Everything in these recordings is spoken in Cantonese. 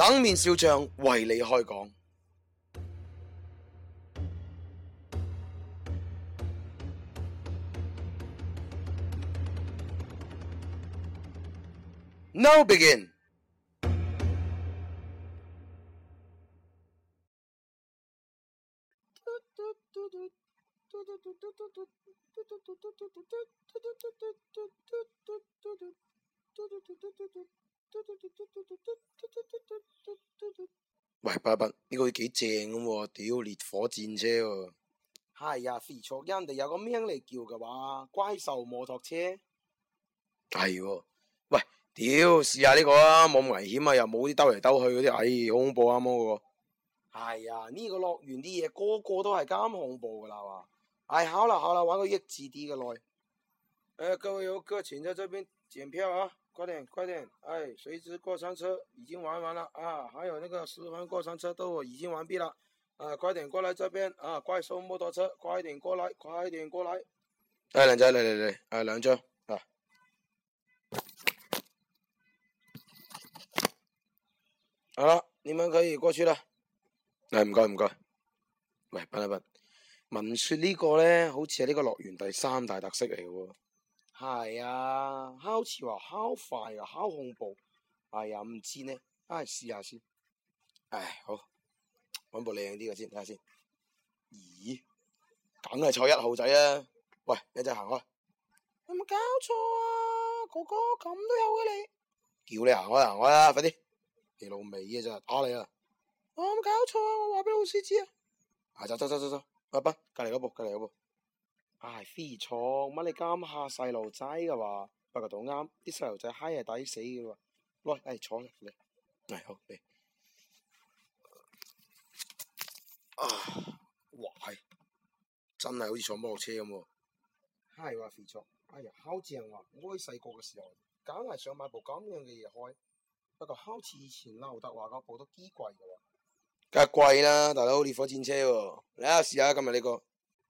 冷面笑匠為你開講，Now begin。喂，不不，呢、這個幾正咁喎，屌烈火戰車喎。係啊，事實人哋有個名嚟叫㗎嘛，怪獸摩托車。係喎、哎，喂，屌，試下呢個啊，冇咁危險啊，又冇啲兜嚟兜去嗰啲，哎，好恐怖啊，摩、哎這個。係啊，呢個樂園啲嘢個個都係咁恐怖噶啦，哇！哎，好啦好啦，玩個益智啲嘅來。誒、哎，各位遊客請在這邊檢票啊。快點，快點！哎，垂直過山車已經玩完了啊，還有那個十環過山車都已經完畢了，啊，快點過來這邊啊，怪獸摩托車，快點過來，快點過來！哎，靚仔，嚟嚟嚟，啊，兩張，啊，好、啊、了，你們可以過去了。哎，唔該唔該，喂，搬一搬。聞說呢個呢，好似係呢個樂園第三大特色嚟嘅喎。係啊，好似話好快啊，好恐怖，哎呀唔知呢，一、哎、係試下先。唉、哎，好，揾部靚啲嘅先，睇下先。咦，梗係坐一號仔啊！喂，你一陣行開。有冇搞錯啊，哥哥咁都有嘅你？叫你行開行開啊，快啲。你老味啊真係，打你啊！我冇搞錯啊，我話俾老師知啊。下陣走走走走，爸爸，隔籬嗰部，隔籬嗰部。唉、哎，肥坐，乜你啱下細路仔嘅話，不過都啱，啲細路仔嗨係抵死嘅喎、啊。喂，唉、哎，坐嚟，係、哎、好嚟。啊，哇、哎，真係好似坐摩托車咁喎、啊。係話肥坐，哎呀，好正喎、啊！我喺細個嘅時候，梗係想買部咁樣嘅嘢開，不過好似以前劉德華嗰部都幾貴、啊。梗係貴啦，大佬好似火箭車喎、啊，嚟下、啊、試下今日呢個。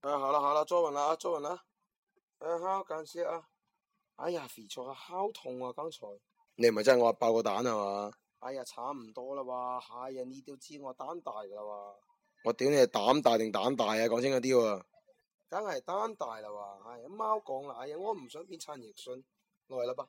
啊，好了好了，坐穩了啊，坐穩了。哎，好，感謝啊。哎呀，肥卓，好痛啊，剛才。你唔係真係我爆個蛋啊嘛？哎呀，差唔多啦哇！哎呀，你都知我膽大啦哇！我屌你係膽大定膽大啊？講清楚啲喎。梗係膽大啦哇！哎呀，貓講啦，哎呀，我唔想變陳奕迅，來啦吧。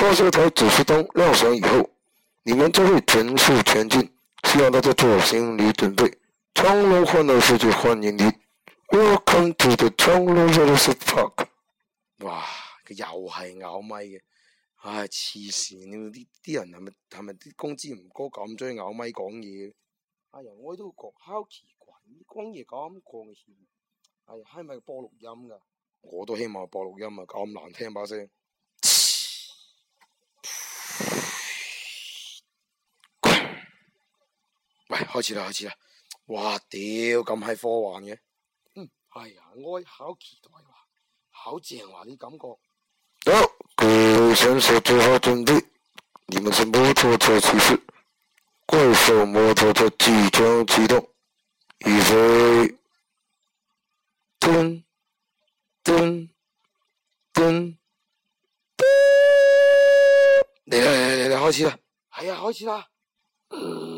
發射台指示燈亮閃以後，你們就會全速前進。希望大家做好心理準備。長隆歡樂世界歡迎你。Welcome to the Long Long World Park。哇，佢又係咬咪嘅，啊，唉，哎，黐線，你啲啲人係咪係咪啲工資唔高咁中意咬咪講嘢？哎呀，我都覺好奇怪，講嘢咁講嘅，呀，哎，係咪播錄音噶？我都希望播錄音啊，咁，啊，難聽把聲。喂，開始啦，開始啦！哇，屌，咁係科幻嘅。嗯，係啊，我好期待啊，好正啊啲、這個、感覺。好、哦，各位選手做好準備，你們是摩托車騎士，怪獸摩托車即將啟動，預備，噔噔噔，嚟啦嚟啦，開始啦！係啊，開始啦。嗯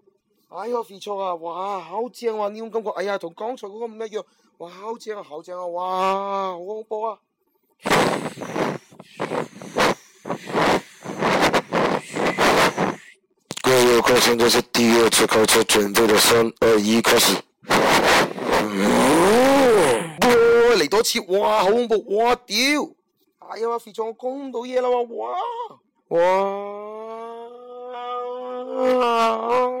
哎呀肥卓啊，哇好正啊，呢種感覺，哎呀同剛才嗰個唔一樣，哇好正啊，好正啊，哇好恐怖啊！各位觀眾，呢個係第二次開車，準備，三二一開始。嚟多次，哇好恐怖，哇屌！哎呀我肥卓我攻到嘢啦，哇哇。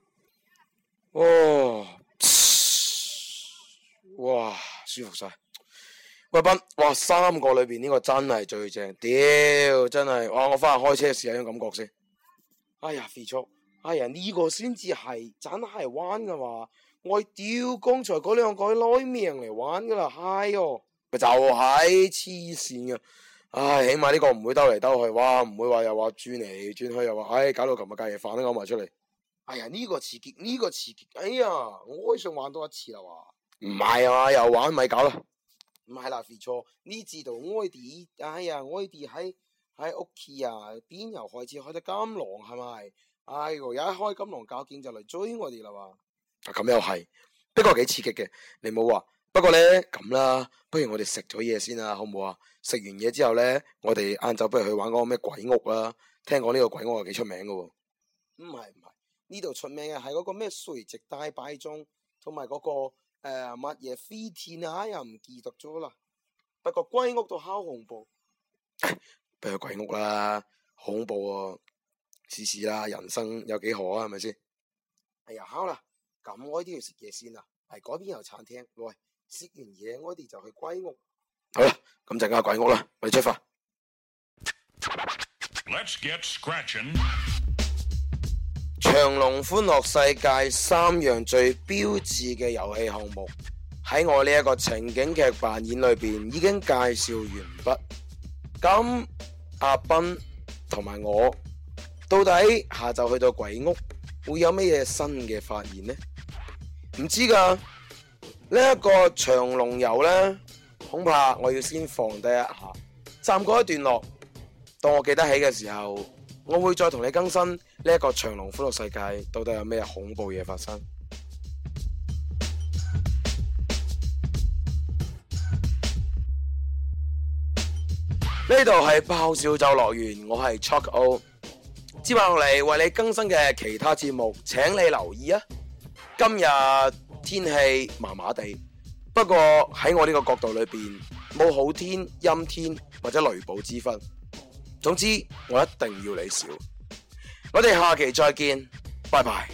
哇！哇，舒服晒！喂斌，哇三個裏邊呢個真係最正，屌真係，哇我翻去開車試下呢種感覺先、哎。哎呀肥叔，哎呀呢個先至係真係玩噶嘛！我屌剛才嗰兩個攞命嚟玩噶啦，係哦，咪就係黐線噶。唉、哎啊哎，起碼呢個唔會兜嚟兜去，哇唔會話又話轉嚟轉去又話，唉、哎、搞到琴日隔夜飯都嘔埋出嚟。哎呀，呢個刺激，呢個刺激，哎呀，我想玩多一次啦！哇，唔係啊，又玩咪搞啦，唔係啦，肥錯呢？知道我哋，哎呀，我哋喺喺屋企啊，邊又開始開到金狼係咪？哎呀，一開金狼搞驚就嚟追我哋啦！哇，咁又係，不過幾刺激嘅，你冇好話。不過咧咁啦，不如我哋食咗嘢先啦，好唔好啊？食完嘢之後咧，我哋晏晝不如去玩嗰個咩鬼屋啦，聽講呢個鬼屋係幾出名噶。唔係唔係。呢度出名嘅係嗰個咩垂直大擺鐘，同埋嗰個誒乜嘢飛天啊，又唔記得咗啦。不過鬼屋都好恐怖，不如鬼屋啦，恐怖啊、哦！試試啦，人生有幾何啊？係咪先？哎呀，好啦。咁我啲要食嘢先啦，係嗰邊有餐廳，來食完嘢我哋就去鬼屋。好啦，咁就去鬼屋啦，我哋出發。長隆歡樂世界三樣最標誌嘅遊戲項目喺我呢一個情景劇扮演裏邊已經介紹完畢。咁阿斌同埋我到底下晝去到鬼屋會有乜嘢新嘅發現呢？唔知噶呢一個長隆遊呢，恐怕我要先放低一下，暫告一段落。到我記得起嘅時候，我會再同你更新。呢個長隆歡樂世界到底有咩恐怖嘢發生？呢度係爆笑就樂園，我係 Chuck O。接落嚟為你更新嘅其他節目，請你留意啊！今日天，天氣麻麻地，不過喺我呢個角度裏邊，冇好天、陰天或者雷暴之分。總之，我一定要你笑。我哋下期再見，拜拜。